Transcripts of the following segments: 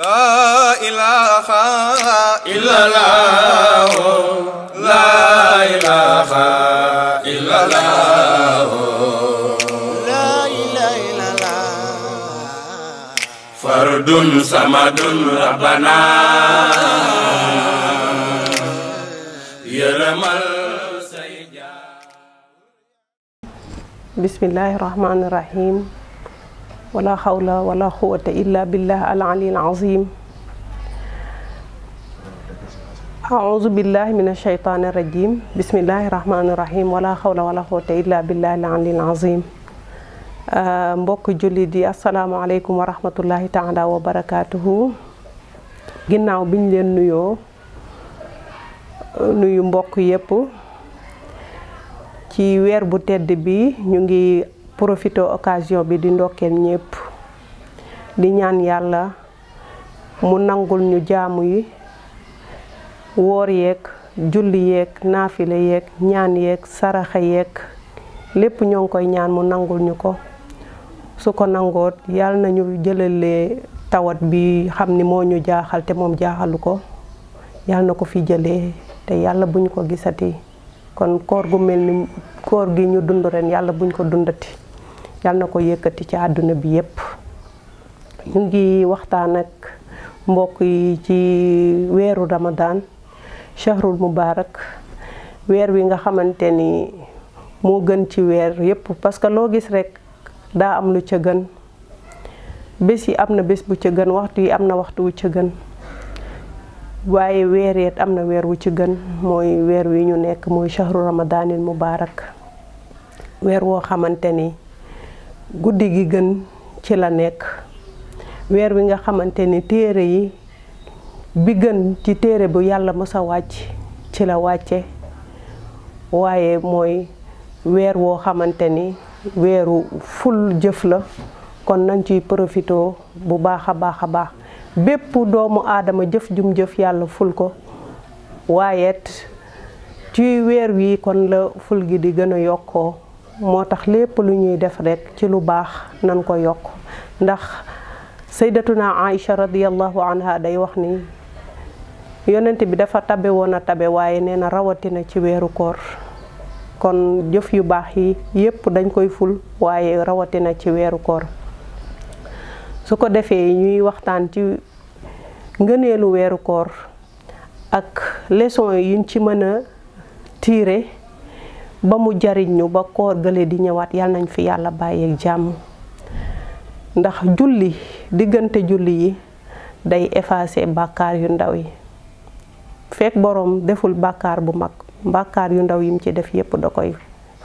لا إله إلا الله لا إله إلا الله لا إله إلا الله فرد صمد ربنا يرم بسم الله الرحمن الرحيم wala xawla wala quwwata illa billah al ali al azim أعوذ بالله من الشيطان الرجيم بسم الله الرحمن الرحيم ولا حول ولا قوة إلا بالله العلي العظيم mbokk jullit yi asalaamaaleykum wa rahmatullahi taala wa barakaatuhu ginnaaw biñ leen nuyoo nuyu mbokk yépp ci weer bu tedd bi ñu ngi Profito occasion bi di ndokel ñepp di ñaan yalla mu nangul ñu jaamu yi wor yek julli yek nafile yek ñaan yek saraxa yek lepp ñong koy ñaan mu nangul ñuko su ko nañu tawat bi xamni ni ñu jaaxal te mom jaaxalu ko yàlla fi jëlé te yalla buñ ko gisati kon koor gu melni ni koor gi ñu dundu ren yalla buñ ko dundati yal na ko yëkkati ci aduna bi yépp ñu ngi waxtaan ak mbokk yi ci weeru ramadan shahrul mubarak weru wi nga xamanteni mo gën ci weer yépp parce que lo gis rek da am lu ci gën bës yi am na bu ci gën waxtu yi am na waxtu wu ci gën waye weer yi am na wu ci gën moy weer wi ñu nekk moy shahru ramadaanil mubarak weru wo xamanteni guddi gi gën ci la nekk weer wi nga xamante ni téere yi bi gën ci téere bu yàlla mës wàcc ci la wàcce waaye mooy weer woo xamante ni weeru ful jëf la kon nañ ciy profitoo bu baax a baax a baax bépp doomu aadama jëf jum jëf yàlla ful ko waaye ci weer wi kon la ful gi di gën a yokkoo moo tax lépp lu ñuy def rekk ci lu baax nan ko yokk ndax saydatuna Aïcha radiyallahu anha day wax ni yonent bi dafa tabe woon a tabe waaye nee na rawatina ci weeru koor kon jëf yu baax yi yépp dañ koy ful waaye rawatina ci weeru koor su ko defee ñuy waxtaan ci ngëneelu weeru koor ak leson yiñ ci mën a tiire ba mu jariñ ñu ba koor gele di ñewat yal nañ fi baye ak jamm ndax julli Fek julli yi day effacer yu ndaw yi fek borom deful bakar, bu mag bakar yu ndaw yim ci def yépp da koy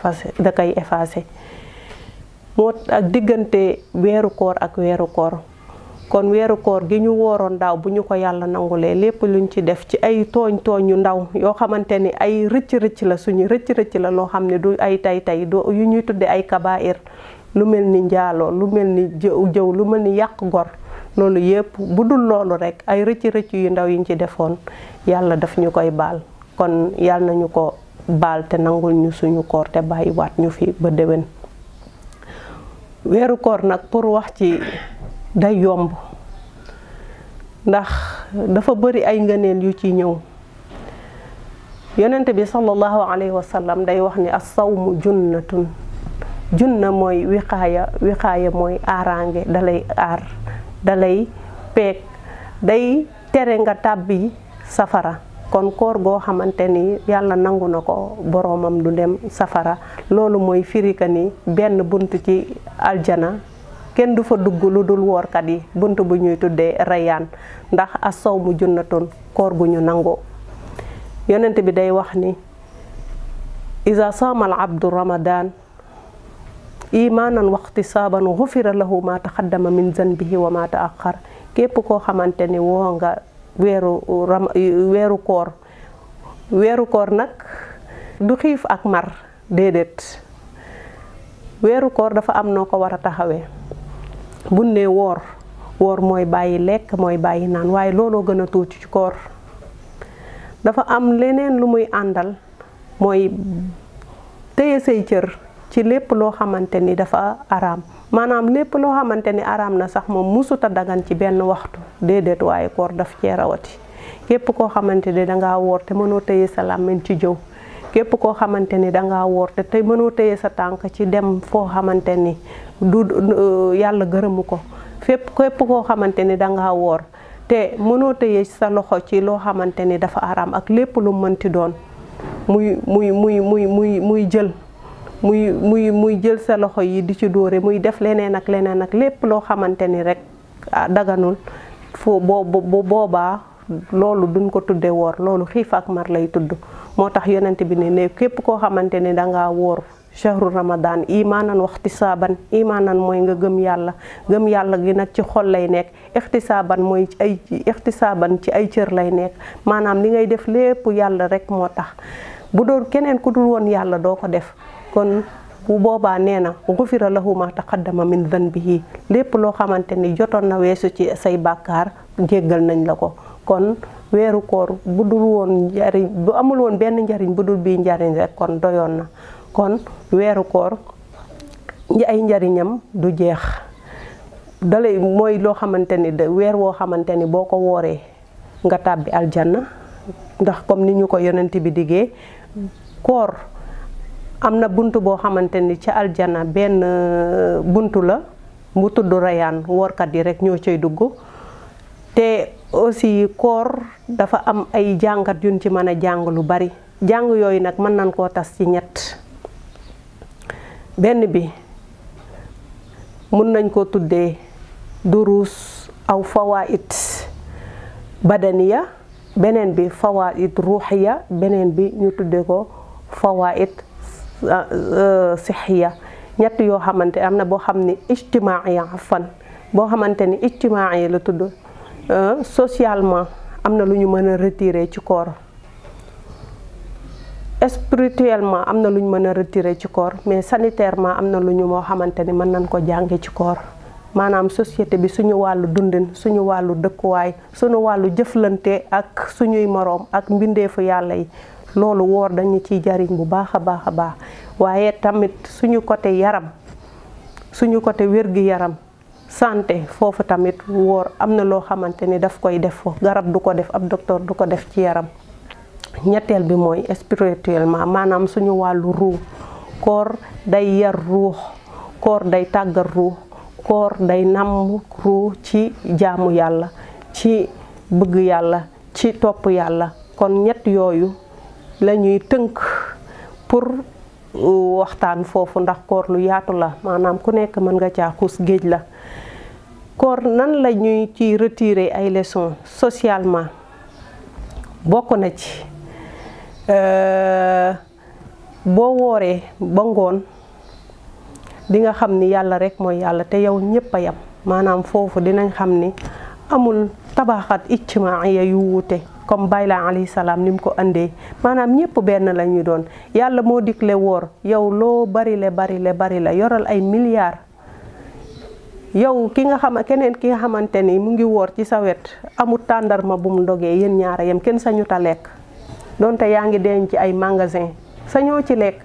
fase da koy effacer mot ak digënte weeru koor ak koor kon weeru koor gi ñu wooroon daaw bu ñu ko yàlla nangulee lépp lu ñu ci def ci ay tooñ tooñ yu ndaw yoo xamante ni ay rëcc rëcc la suñu rëcc rëcc la loo xam ne du ay tay tay du yu ñuy tudde ay kabaa'ir lu mel ni njaaloo lu mel ni jëw lu mel ni yàq gor loolu yépp bu dul loolu rekk ay rëcc rëcc yu ndaw yiñ ci defoon yàlla daf ñu koy baal kon yàlla nañu ko baal te nangul ñu suñu koor te bàyyiwaat ñu fi ba déwén weeru koor nag pour wax ci day yomb ndax dafa bari ay ngeenel yu ci ñew yonent bi sallallahu alayhi wa sallam day wax ni as-sawmu junnatun junna moy wiqaya wiqaya moy arange dalay ar dalay pek day téré nga tabbi safara kon koor go xamanteni yalla yàlla ko boromam du dem safara lolu moy firika ni benn ci aljana kenn du fa dugg lu dul woorkat yi bunt bu ñuy tuddee rayaan ndax asaw mu junnatoon koor gu ñu nangoo yonent bi day wax ni iza saamal abdu ramadaan imaanan waxtisaaban xufira lahu ma taxaddama min zanbihi wa ma taaxar képp koo xamante ni woo nga weeru koor weeru koor nag du xiif ak mar déedéet weeru koor dafa am noo ko war a taxawee buñ ne woor woor mooy bàyyi lekk mooy bàyyi naan waaye looloo gën a tuuti ci koor dafa am leneen lu muy àndal mooy téye say cër ci lépp loo xamante ni dafa araam maanaam lépp loo xamante ni araam na sax moom musuta dagan ci benn waxtu déedéet waaye koor daf cee rawati képp koo xamante ni dangaa woor te mënoo téye sa làmmiñ ci jëw képp koo xamante ni danga woor te tey mënoo téye sa tànk ci dem foo xamante ni du euh, yàlla gërëmu ko fépp képp koo xamante ni danga woor te mënoo téye sa loxo ci loo xamante ni dafa araam ak lépp lu mën mënti doon muy muy muy muy muy muy jël muy muy muy jël sa loxo yi di ci dóore muy def leneen ak leneen ak lépp loo xamante ni rek ah, daganul foo boo boobaa loolu duñ ko tuddee woor loolu xiif ak mar lay tudd moo tax yonent bi ne ne képp koo xamante ne dangaa wóor chahru ramadan imaanan waxtisaaban imaanan mooy nga gëm yàlla gëm yàlla gi nag ci xool lay nekk ixtisaaban mooy ci ay ixtisaaban ci ay cër lay nekk maanaam li ngay def lépp yàlla rek moo tax bu doon keneen ku dul woon yàlla doo ko def kon bu boobaa nee na gufira lahu ma taqaddama min danbihi lépp loo xamante ni jotoon na weesu ci say bàkkaar jéggal nañ la ko kon wéru koor budul won woon bu amul woon benn njariñ budul bi njariñ rek kon doyon na kon wéru koor ay njariñam du jeex dalay moy lo xamanteni de wér wo xamanteni boko woré nga tabbi aljanna ndax comme ni ñu ko yonenti bi diggé koor amna buntu bo xamanteni ci aljanna benn buntu la mu rayan wor kat di rek ñoo cey duggu te aussi kor, dafa am ay jangat yuñ ci mëna jang lu bari jang yoy nak mën nan ko tass ci ñett benn bi mun nañ ko tuddé durus aw fawaid badaniya benen bi fawaid ruhiya benen bi ñu tuddé ko fawaid euh, euh, sihhiya ñett yo xamanté am na xamni xam fan bo ni la tuddu Euh, socialement am na lu ñu mën a retirer ci koor spirituellement am na lu ñu mën a retirer ci koor mais sanitairement am na lu ñu moo xamante ni mën nañ ko jànge ci koor maanaam société bi suñu wàllu dundin suñu wàllu dëkkuwaay suñu wàllu jëflante ak suñuy moroom ak mbindeefu yàlla yi loolu woor dañu ciy jariñ bu baax a baax a baax waaye tamit suñu côté yaram suñu côté wér-gi-yaram santé foofu tamit wóor am na loo xamante ni daf koy def foofu garab du ko def ab docteur du ko def ci yaram ñetteel bi mooy spirituellement maanaam suñu wàllu ruux koor day yar ruux koor day tàggat ruux koor day namm ruux ci jaamu yàlla ci bëgg yàlla ci topp yàlla kon ñett yooyu la tënk pour waxtaan foofu ndax koor lu yaatu la maanaam ku nekk mën nga caa xuus géej la koor nan la ñuy ci retire ay leçons socialement bokk na ci euh, boo wooree ba ngoon di nga xam ni yàlla rek mooy yàlla te yow ñëpp a yam maanaam foofu dinañ xam ni amul tabaxat ijtimaiya yu wuute comme Bayla alayhi salaam ni mu ko indee maanaam ñëpp benn la ñu doon yàlla moo digle woor yow loo bari le bari le bari la yoral ay milliards. yow ki nga xam keneen ki nga xamante ni mu ngi woor ci sa wet amul tàndarma bu mu dogee yéen ñaara yem kenn sañu ta lekk donte yaa ngi denc ci ay magasin sañoo ci lekk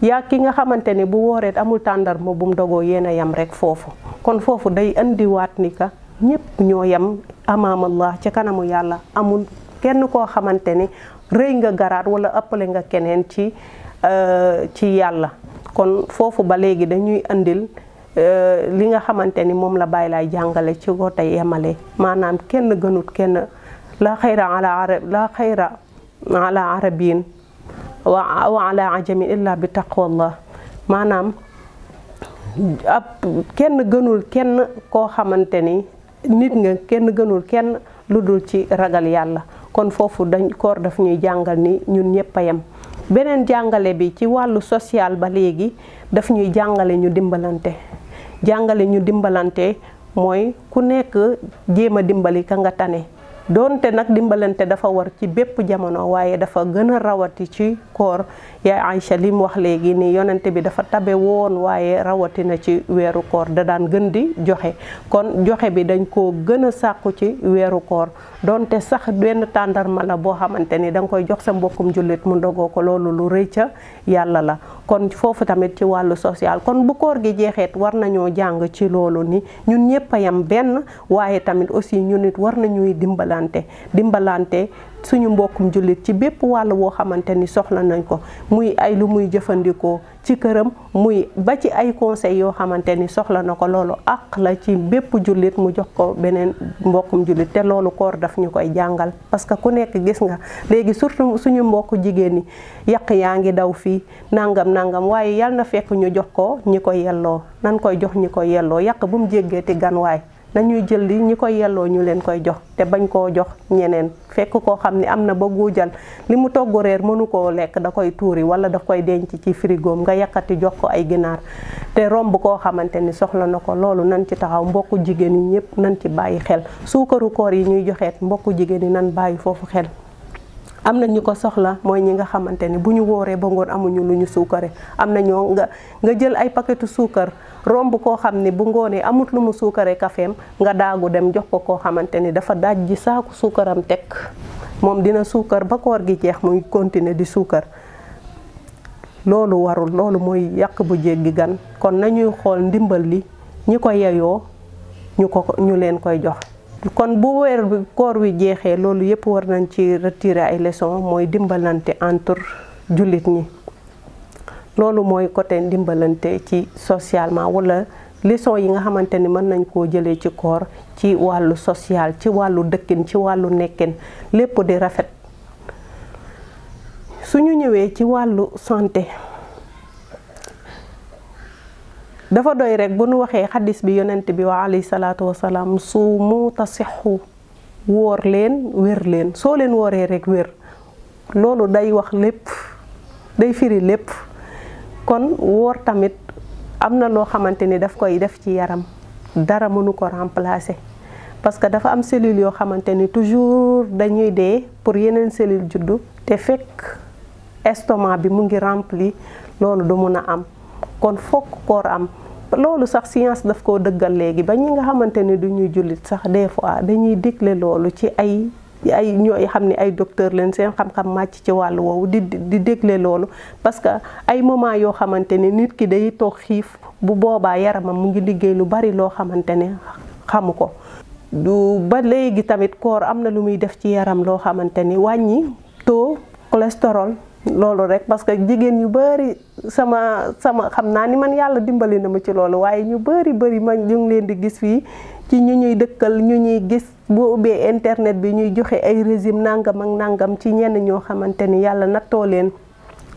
yaa ki nga xamante ni bu wooreet amul tàndarma bu mu dogoo yéen a yem rek foofu kon foofu day andiwaat ni ka ñëpp ñoo yem amaamallah ci kanamu yàlla amul kenn koo xamante ne rëy nga garaat wala ëppale nga keneen ci euh, ci yàlla kon foofu ba léegi dañuy andil euh, li nga xamante ni moom la bàyyi laay jàngale ci ko tey yemale maanaam kenn gënut kenn bi taqwallah maanaam ab gënul kenn koo xamante ni nit nga kenn gënul kenn lu dul ci ragal yàlla kon foofu dañ koor daf ñuy jàngal ni ñun ñëpp yem beneen jàngale bi ci wàllu social ba léegi daf ñuy jàngale ñu dimbalante jàngale ñu dimbalante mooy ku nekk jéem a dimbali ka nga tane doonte nag dimbalante dafa war ci bépp jamono waaye dafa gën a rawati ci koor yaay Aïcha li mu wax léegi ni yonente bi dafa tabe woon waaye rawatina ci weeru koor da daan gën di joxe kon joxe bi dañ ko gën a sàkku ci weeru koor doonte sax benn tàndarma la boo xamante ni da nga koy jox sa mbokkum jullit mu ndogoo ko loolu lu rëy ca yàlla la kon foofu tamit ci wàllu social kon bu koor gi jeexeet war nañoo jàng ci loolu ni ñun ñëpp yam benn waaye tamit aussi war nañuy dimbala dimbalante dimbalante suñu mbokkum jullit ci bépp wàll woo xamante ni soxla nañ ko muy ay lu muy jëfandikoo ci këram muy ba ci ay conseil yoo xamante ni soxla na ko loolu àq la ci bépp jullit mu jox ko beneen mbokkum jullit te loolu koor daf ñu koy jàngal parce que ku nekk gis nga léegi surtout suñu mbokk jigéen ñi yàq yaa ngi daw fii nangam nangam waaye yal na fekk ñu jox ko ñi ko yelloo nan koy jox ñi ko yelloo yàq bu mu jéggee ti ganwaay nañuy jël li ñi koy yelloo ñu leen koy jox te bañ koo jox ñeneen fekk koo xam ni am na ba guujal li mu togg reer mënu koo lekk da koy tuuri wala daf koy denc ci frigoom nga yàqati jox ko ay ginaar te romb koo xamante ni soxla na ko loolu nan ci taxaw mbokku jigéen yi ñëpp nan ci bàyyi xel suukaru koor yi ñuy joxeet mbokku jigéen yi nan bàyyi foofu xel am na ñu ko soxla mooy ñi nga xamante ni bu ñu wooree ba ngoon amuñu lu ñu suukaree am na ñoo nga jël ay paquetu suukar romb koo xam ni bu ngoonee amut lu mu suukaree kafeem nga daagu dem jox ko koo xamante ni dafa daaj ji saaku suukaram teg moom dina suukar ba koor gi jeex muy continuer di suukar loolu warul loolu mooy yàq bu gi gan kon nañuy xool ndimbal li ñi ko yeyoo ñu ko ñu leen koy jox kon bu weer koor wi jeexee loolu yëpp war nañ ci retire ay leçons mooy dimbalante entre jullit ñi loolu mooy côté ndimbalante ci socialement wala leçon yi nga xamante ni mën nañ koo jëlee ci koor ci wàllu social ci wàllu dëkkin ci wàllu nekkin lépp di rafet su ñu ñëwee ci wàllu santé dafa doy rekk bu nu waxee xadis bi yonent bi waa alayhi salaatu wasalaam suumu tasixu wóor leen wér leen soo leen wooree rek wér loolu day wax lépp day firi lépp kon wor tamit amna lo xamanteni daf koy def ci yaram dara mënu ko remplacer parce que dafa am cellule yo xamanteni toujours dañuy dé pour yenen cellule juddu té fekk estomac bi mu ngi rempli lolu do mëna am kon fokk koor am lolu sax science daf ko deugal legi ba ñi nga xamanteni duñuy julit sax des fois dañuy diklé lolu ci ay ay ñooy xam ni ay docteur leen seen xam-xam màcc ci wàllu woowu di di dégle loolu parce que ay moment yoo xamante ne nit ki day toog xiif bu boobaa yaramam mu ngi liggéey lu bari loo xamante ne xamu ko du ba léegi tamit koor am na lu muy def ci yaram loo xamante ni wàññi taux cholestérol loolu rek parce que jigéen ñu bëri sama sama xam naa ni man yàlla dimbali na ma ci loolu waaye ñu bëri bëri ma ñu leen di gis fii ci ñu ñuy dëkkal ñu ñuy gis boo ubbee internet bi ñuy joxe ay régime nangam ak nangam ci ñenn ñoo xamante ni yàlla nattoo leen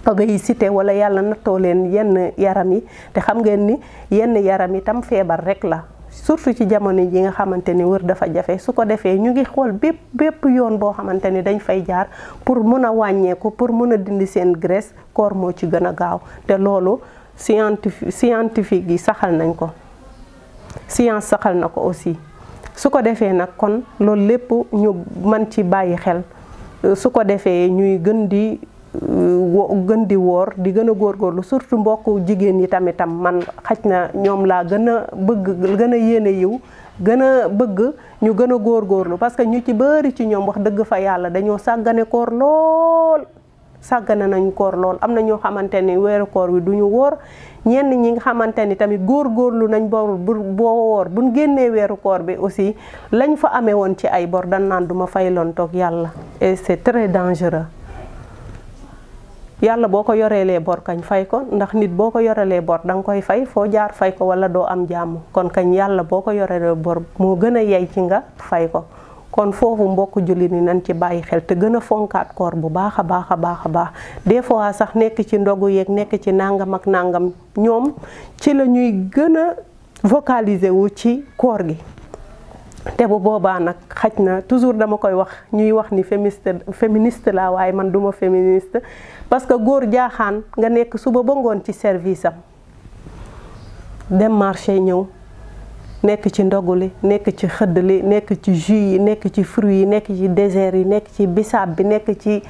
obésité wala yàlla nattoo leen yenn yaram yi te xam ngeen ni yenn yaram yi tam feebar rek la. surtout ci jamono ji nga xamante ni wër dafa jafe su ko defee ñu ngi xool bépp bépp yoon boo xamante ni dañ fay jaar pour mun a wàññeeku pour mën a dindi seen graisse koor moo ci gën a gaaw te loolu scientifique scientifique yi saxal nañ ko science saxal na ko aussi su ko defee nag kon loolu lépp ñu mën ci bàyyi xel su ko defee ñuy gën di gën di woor di gën a góorlu surtout mbokk jigéen yi tamitam man xaj na ñoom laa gën a bëgg gën a yéene yiw gën a bëgg ñu gën a góorlu parce que ñu ci bëri ci ñoom wax dëgg fa yàlla dañoo sàggane koor lool sàggane nañ koor lool am na ñoo xamante ni weeru koor wi du ñu wóor ñenn ñi nga xamante ni tamit góorgóorlu nañ bor boo woor buñ génnee weeru koor bi aussi lañ fa amee woon ci ay bor danaan duma fay loon toog yàlla et c'est très dangereux yàlla boo ko yoreelee bor kañ fay ko ndax nit boo ko yorelee bor da nga koy fay foo jaar fay ko wala doo am jàmm kon kañ yàlla boo ko yoreelee bor moo gën a yey ci nga fay ko kon foofu mbokk julli ni nañ ci bàyyi xel te gën a fonkaat koor bu baax a baax a baax a baax des fois sax nekk ci ndogu yeeg nekk ci nangam ak nangam ñoom ci la ñuy gën a vocaliser wu ci koor gi te bu boobaa nag xaj na toujours dama koy wax ñuy wax ni féministe féministe laa waaye man duma féministe parce que góor jaaxaan nga nekk suba ba ngoon ci service am dem marché ñëw nekk ci ndogu li nekk ci xëdd li nekk ci jus yi nekk ci fruits yi nekk ci désert yi nekk ci bisaab bi nekk ci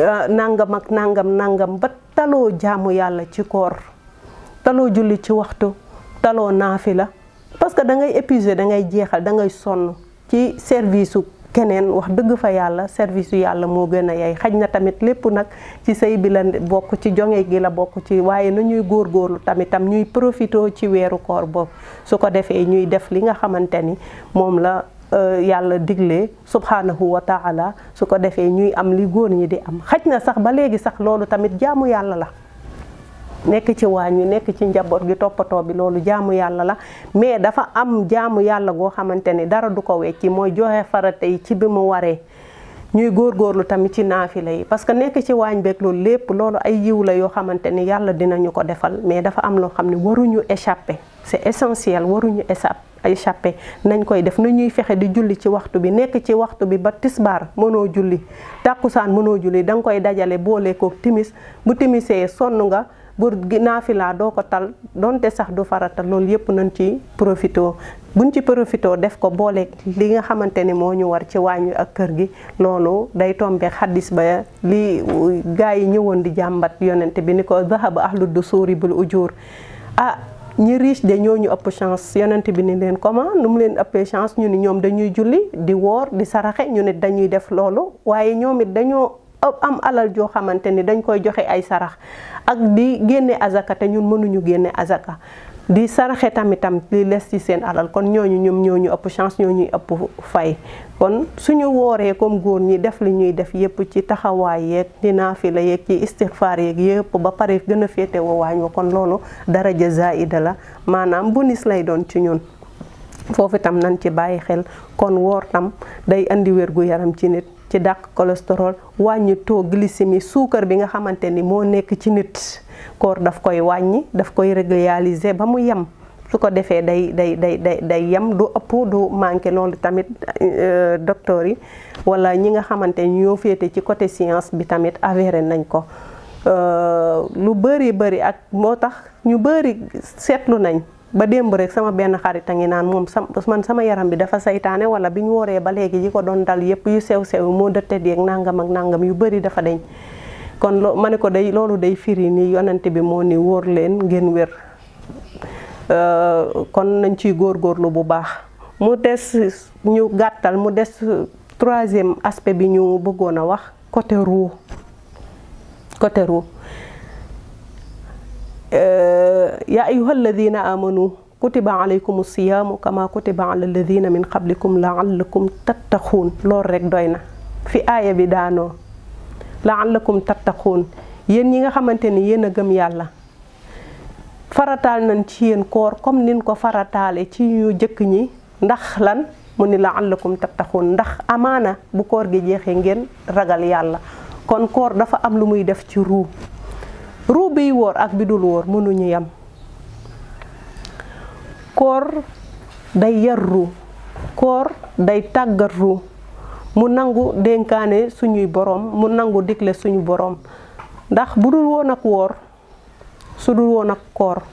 euh, nangam ak nangam nangam ba taloo jaamu yàlla ci koor taloo julli ci waxtu taloo naafi la parce que da ngay da ngay jeexal da ngay sonn ci service su keneen wax dëgg fa yàlla service yu yàlla moo gën a yay xaj na tamit lépp nag ci say bi bokk ci jonge gi la bokk ci waaye na ñuy góor góorgóorlu tamitam ñuy profité ci weeru koor boobu su ko defee ñuy def li nga xamante ni moom la euh, yàlla digle subhanahu wa taala su ko defee ñuy am li góor ñi di am xaj na sax ba léegi sax loolu tamit jaamu yàlla la nekk ci waañ wi nekk ci njaboot gi toppatoo bi loolu jaamu yàlla la mais dafa am jaamu yàlla goo xamante ne dara du ko wecci mooy joxe farata yi ci bi mu waree ñuy góor góorlu tamit ci naafila yi parce que nekk ci waañ beeg loolu lépp loolu ay yiw la yoo xamante ni yàlla dinañu ko defal mais dafa am loo xam ne waruñu échape c'est essentiel waruñu échappé nañ koy def na ñuy fexe di julli ci waxtu bi nekk ci waxtu bi ba tisbaar mënoo julli tàkkusaan mënoo julli da nga koy dajale boole ko timis bu timisee sonn nga naa fi laa doo ko tal donte sax du farata loolu yëpp nañ ci profité ñu ci profité def ko booleeg li nga xamante ni moo ñu war ci waañ wi ak kër gi loolu day tombe xaddis ba li gaa yi ñëwoon di jàmbat yonent bi ni ko zahaba ahlu dusuuri bil ujur ah ñi riche de ñooñu ëpp chance yonent bi ni leen comment nu mu leen ëppee chance ñu ni ñoom dañuy julli di woor di saraxe ñu nit dañuy def loolu waaye ñoom dañoo am alal joo xamante ni dañ koy joxe ay sarax ak di génne azaka te ñun mënuñu génne azaka di saraxe tamitam li les ci seen alal kon ñooñu ñoom ñooñu ëpp chance ñooñuy ëpp fay kon suñu wooree comme góor ñi def li ñuy def yépp ci taxawaay yeeg ci la yeeg ci istixfaar yeeg yépp ba pare gën a féete wowaañ wa kon loolu daraja zaida la maanaam bu nis lay doon ci ñun foofu tam nañ ci bàyyi xel kon woor tam day indi wér gu yaram ci nit ci dàq cholestérol wàññi taux glycémie suukar bi nga xamante ni moo nekk ci nit cor daf koy wàññi daf koy régulariser ba mu yem su ko defee day day day day day yem du ëpp du manqué loolu tamit euh, docteur yi wala ñi nga xamante ni ñoo féete ci côté science bi tamit avéré nañ ko euh, lu bëri bëri ak moo tax ñu bëri seetlu nañ ba demb rek sama ben xarit tangi nan mom sam man sama yaram bi dafa saytane wala biñ woré ba légui jiko don dal yépp ya yu sew sew moo nangam ak nangam yu bari dafa deñ kon lo ma ko day lolu day firi ni yonenté bi mo ni ngeen eh, kon nañ gor lu bu baax mu dess ñu gattal mu dess troisième aspect bi ñu bëggona wax côté côté yaa ayuha alladina amanu kutiba alaykum siyaamu kama kutiba ala alladina min qablikum laallakum tattaquun lool rek doy na fi aaya bi daanoo la laallakum tattaquun yéen ñi nga xamante ni yéen a gëm yàlla farataal nañ ci yéen koor comme nin ko farataale ci ñu jëkk ñi ndax lan mu ni laallakum tattaquun ndax amaana bu koor gi jeexee ngeen ragal yàlla kon koor dafa am lu muy def ci ruu ruu biy wóor ak bi dul wóor mënuñu yam koor day yar ruu koor day tàggat ruu mu nangu dénkaane suñuy boroom mu nangu digle suñu boroom ndax bu dul woon ak woor su dul woon ak koor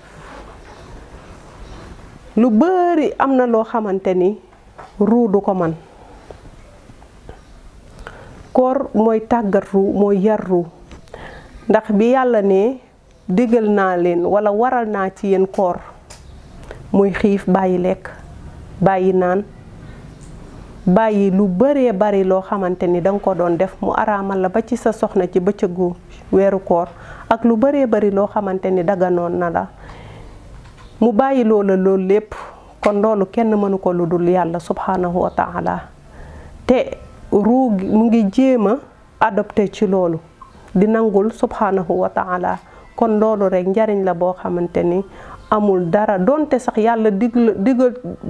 lu bari am na loo xamante ni ruu du ko man koor mooy tàggat ruu mooy yar ruu ndax bi yàlla ne digal naa leen wala waral naa ci yéen koor muy xiif bàyyi lekk bàyyi naan bàyyi lu baree bari loo xamante ni danga ko doon def mu araamal la ba ci sa soxna ci bëccëgu weeru koor ak lu baree bari loo xamante ni daganoon na la mu bàyyi loola loolu lépp kon loolu kenn mënu ko lu dul yàlla subhaanahu wa te ruu mu ngi jéem a adopté ci loolu di nangul subhanahu wa taala kon loolu rek njariñ la boo xamante ni amul dara donte sax yàlla diglu diggu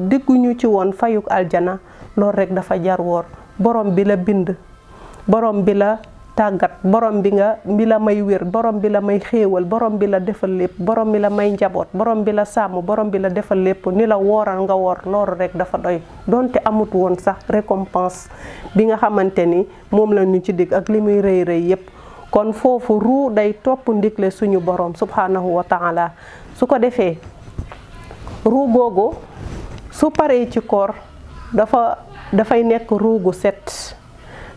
digguñu ci woon fayuk aljana loolu rek dafa jar woor borom bi la bind borom bi la tàggat borom bi nga bi la may wér borom bi la may xéewal borom bi la defal lépp borom bi la may njaboot borom bi la sàmm borom bi la defal lépp ni la wooral nga woor loolu rek dafa doy donte amut woon sax récompense bi nga xamante ni moom la ñu ci digg ak li muy rëy rëy yépp kon foofu ruu day topp ndigle suñu borom subhanahu wa taala su ko defee ruu googu su paree ci koor dafa dafay nekk ruu gu set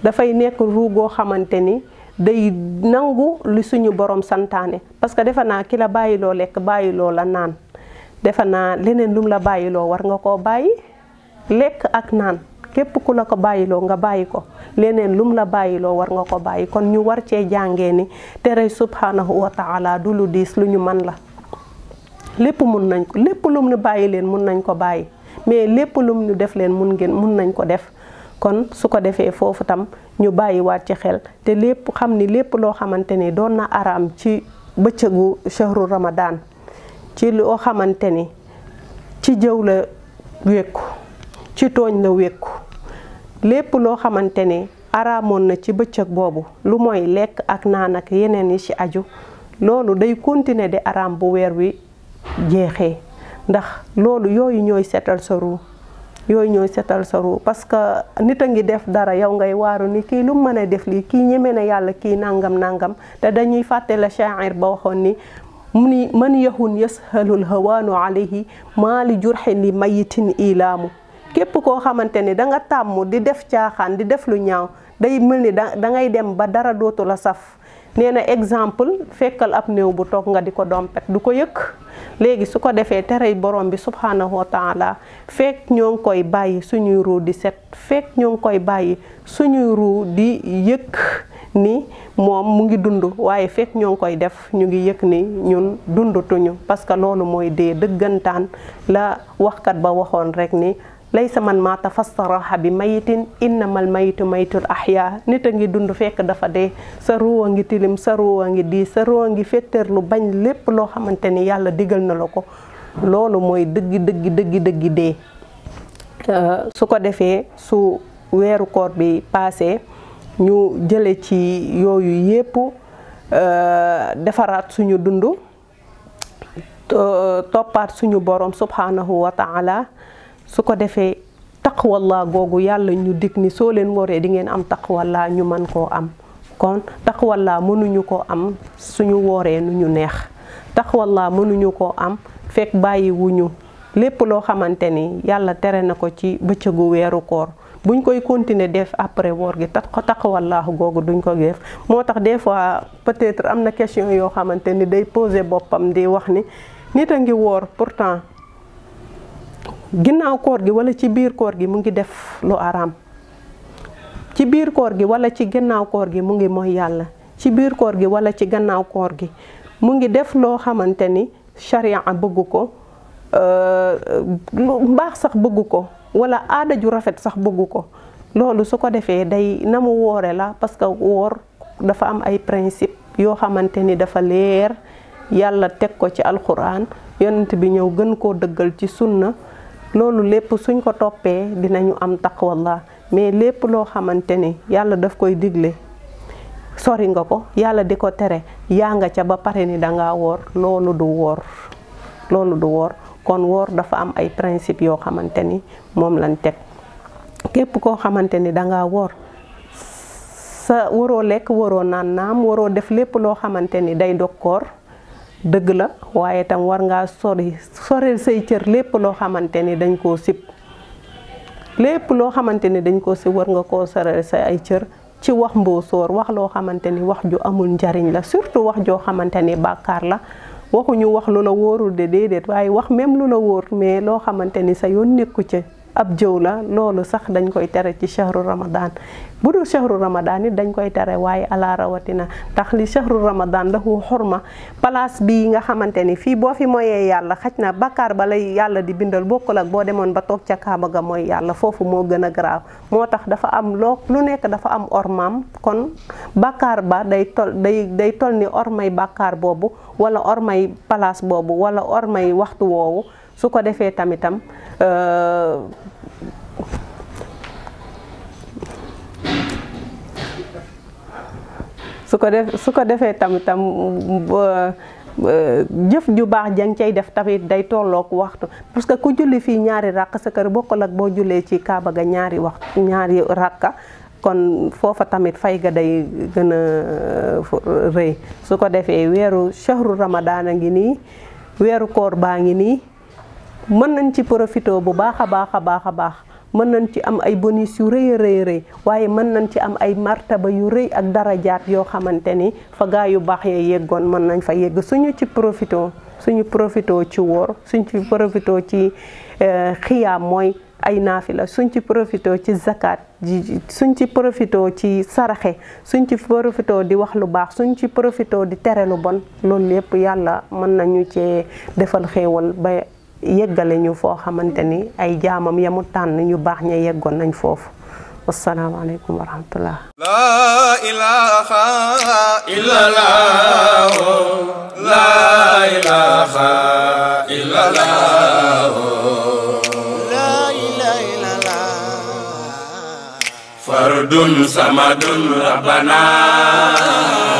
dafay nekk ruu goo xamante ni day nangu li suñu borom santaane parce que defe naa ki la bàyyiloo lekk bàyyiloo la naan defe naa leneen lum la bàyyiloo war nga koo bàyyi lekk ak naan képp ku la ko bàyyiloo nga bàyyi ko leneen lum la bàyyiloo war nga ko bàyyi kon ñu war cee jàngee ni tere subhanahu wa taala du lu diis lu ñu man la lépp mun nañ ko lépp lum nu bàyyi leen mun nañ ko bàyyi mais lépp lum nu def leen mun ngeen mun nañ ko def kon su ko defee foofu tam ñu bàyyiwaat ci xel te lépp xam ni lépp loo xamante ni doon na araam ci bëccëgu shahru ramadan ci loo xamante ni ci jëw la wékku ci tooñ la wékku lépp loo xamante ne araamoon na ci bëccëg boobu lu mooy lekk ak naan yeneen yi ci aju loolu day continuer di araam bu weer wi jeexee ndax loolu yooyu ñooy setal sa ruu yooyu ñooy setal sa parce que nit a ngi def dara yow ngay waaru ni kii lu mën def lii kii ñeme na yàlla kii nangam nangam te dañuy fàtte la shaa'ir ba waxoon ni mu mën man yahun yashalul hawaanu alayhi maa li jurxin li mayitin ilaamu képp koo xamante ni da nga tàmm di def caaxaan di def lu ñaaw day mel ni da da ngay dem ba dara dootu la saf nee na exemple fekkal ab néew bu toog nga di ko dompet du ko yëkk léegi su ko defee tere borom bi subhanahu wa taala fekk ñoo koy bàyyi suñuy ruu di set fekk ñoo ngi koy bàyyi suñuy ruu di yëkk ni moom mu ngi dund waaye fekk ñoo ngi koy def ñu ngi yëg ni ñun dundatuñu parce que loolu mooy dee dëggantaan la waxkat ba waxoon rek ni laysa man mata fassaraha bi mayitin innamal mayitu mayitul ahya nit nga dund fek dafa de sa ruwa ngi tilim sa ruwa ngi di sa ruwa ngi fetterlu digal na lako lolu moy deug deug deug deug de. euh su ko defé su wéru koor bi passé ñu jëlé ci yoyu yépp défarat suñu to topat suñu borom subhanahu wa ta'ala su ko defee taqwallaa googu yàlla ñu dig ni soo leen wooree di ngeen am taqwallaa ñu man koo am kon taqwallaa mënuñu ko am suñu wooree nu ñu neex taqwallaa mënuñu koo am fekk bàyyiwuñu lépp loo xamante ni yàlla tere na ko ci bëccëgu weeru koor buñ koy continuer def après woor gi tax ko taqwallaahu googu duñ ko def moo tax des fois peut-être am na question yoo xamante ni day poser boppam di wax ni nit a ngi woor pourtant ginnaaw koor gi wala ci biir koor gi mu ngi def lu araam ci biir koor gi wala ci ginnaaw koor gi mu ngi mooy yàlla ci biir koor gi wala ci gannaaw koor gi mu ngi def loo xamante ni charia bëggu ko euh, lu mbaax sax bëggu ko wala aada ju rafet sax bëggu ko loolu su ko defee day na mu woore la parce que woor dafa am ay principe yoo xamante ni dafa leer yàlla teg ko ci alxuraan yonent bi ñëw gën koo dëggal ci sunna loolu lepp suñ ko topé dinañu am taqwallah mais lepp loo xamantene yalla daf koy diglé sori nga ko yalla diko téré tere nga ca ba paré ni danga wor loolu du wor loolu du wor kon wor dafa am ay principe yo xamantene mom lañ tek képp ko xamantene da danga wor sa woro lek woro nanam woro def lepp loo xamante day dog deug la waaye tam war ngaa sori soril say cieur lepp loo xamante ni dañ ko sip lepp loo xamante ni dañ ko sip war nga ko soril say ay cieur ci wax sor wax loo xamante ni wax ju amul njariñ la surtout wax jo xamante ni la la ñu wax lu la de dedet waye wax même lu la wóor mais loo xamante ni sa yon neeku ci ab jëw la loolu sax dañ koy téré ci shahru ramadan bu dul chahru ramadan it dañ koy tere waaye ala rawatina tax li chahru ramadan lahu xurma place bi nga xamante ni fii boo fi moyee yàlla xaj na bakkaar ba lay yàlla di bindal bokk ak boo demoon ba toog ca kaaba ga mooy yàlla foofu moo gën a garaaw moo tax dafa am loo lu nekk dafa am ormaam kon bakkaar ba day tol day day ni ormay bakkaar boobu wala ormay place boobu wala ormay waxtu woowu su ko defee tamitam euh, su ko def su ko defee tamit tam jëf ju baax jang cay def tamit day tollook waxtu parce que ku julli fii ñaari ràkk sa kër bokkul ak boo jullee ci kaaba ga ñaari waxtu ñaari ràkka kon foofa tamit fay ga day gën rëy su ko defee weeru shahru ramadaan a ngi nii weeru koor baa ngi nii mën nañ ci profité bu baax a baax a baax a baax mën nañ ci am ay bonus yu rëy a rëy waaye mën nañ ci am ay martaba yu rëy ak darajaat yoo xamante ni fa yu baax yee yeggoon mën nañ fa yegg suñu ci profito suñu profito ci woor suñ ci profito ci eh, xiyaam mooy ay naafila suñ ci profito ci zakat suñ ci profito ci saraxe suñ ci profito di wax lu baax suñ ci profito di tere lu bon loolu lépp yàlla mën nañu cee defal xéewal ba yeggalé ñu fo xamanteni ay jaamam yamu tan ñu bax ñe yeggon nañ fofu assalamu alaykum wa rahmatullah la ilaha la ilaha la ilaha fardun samadun rabbana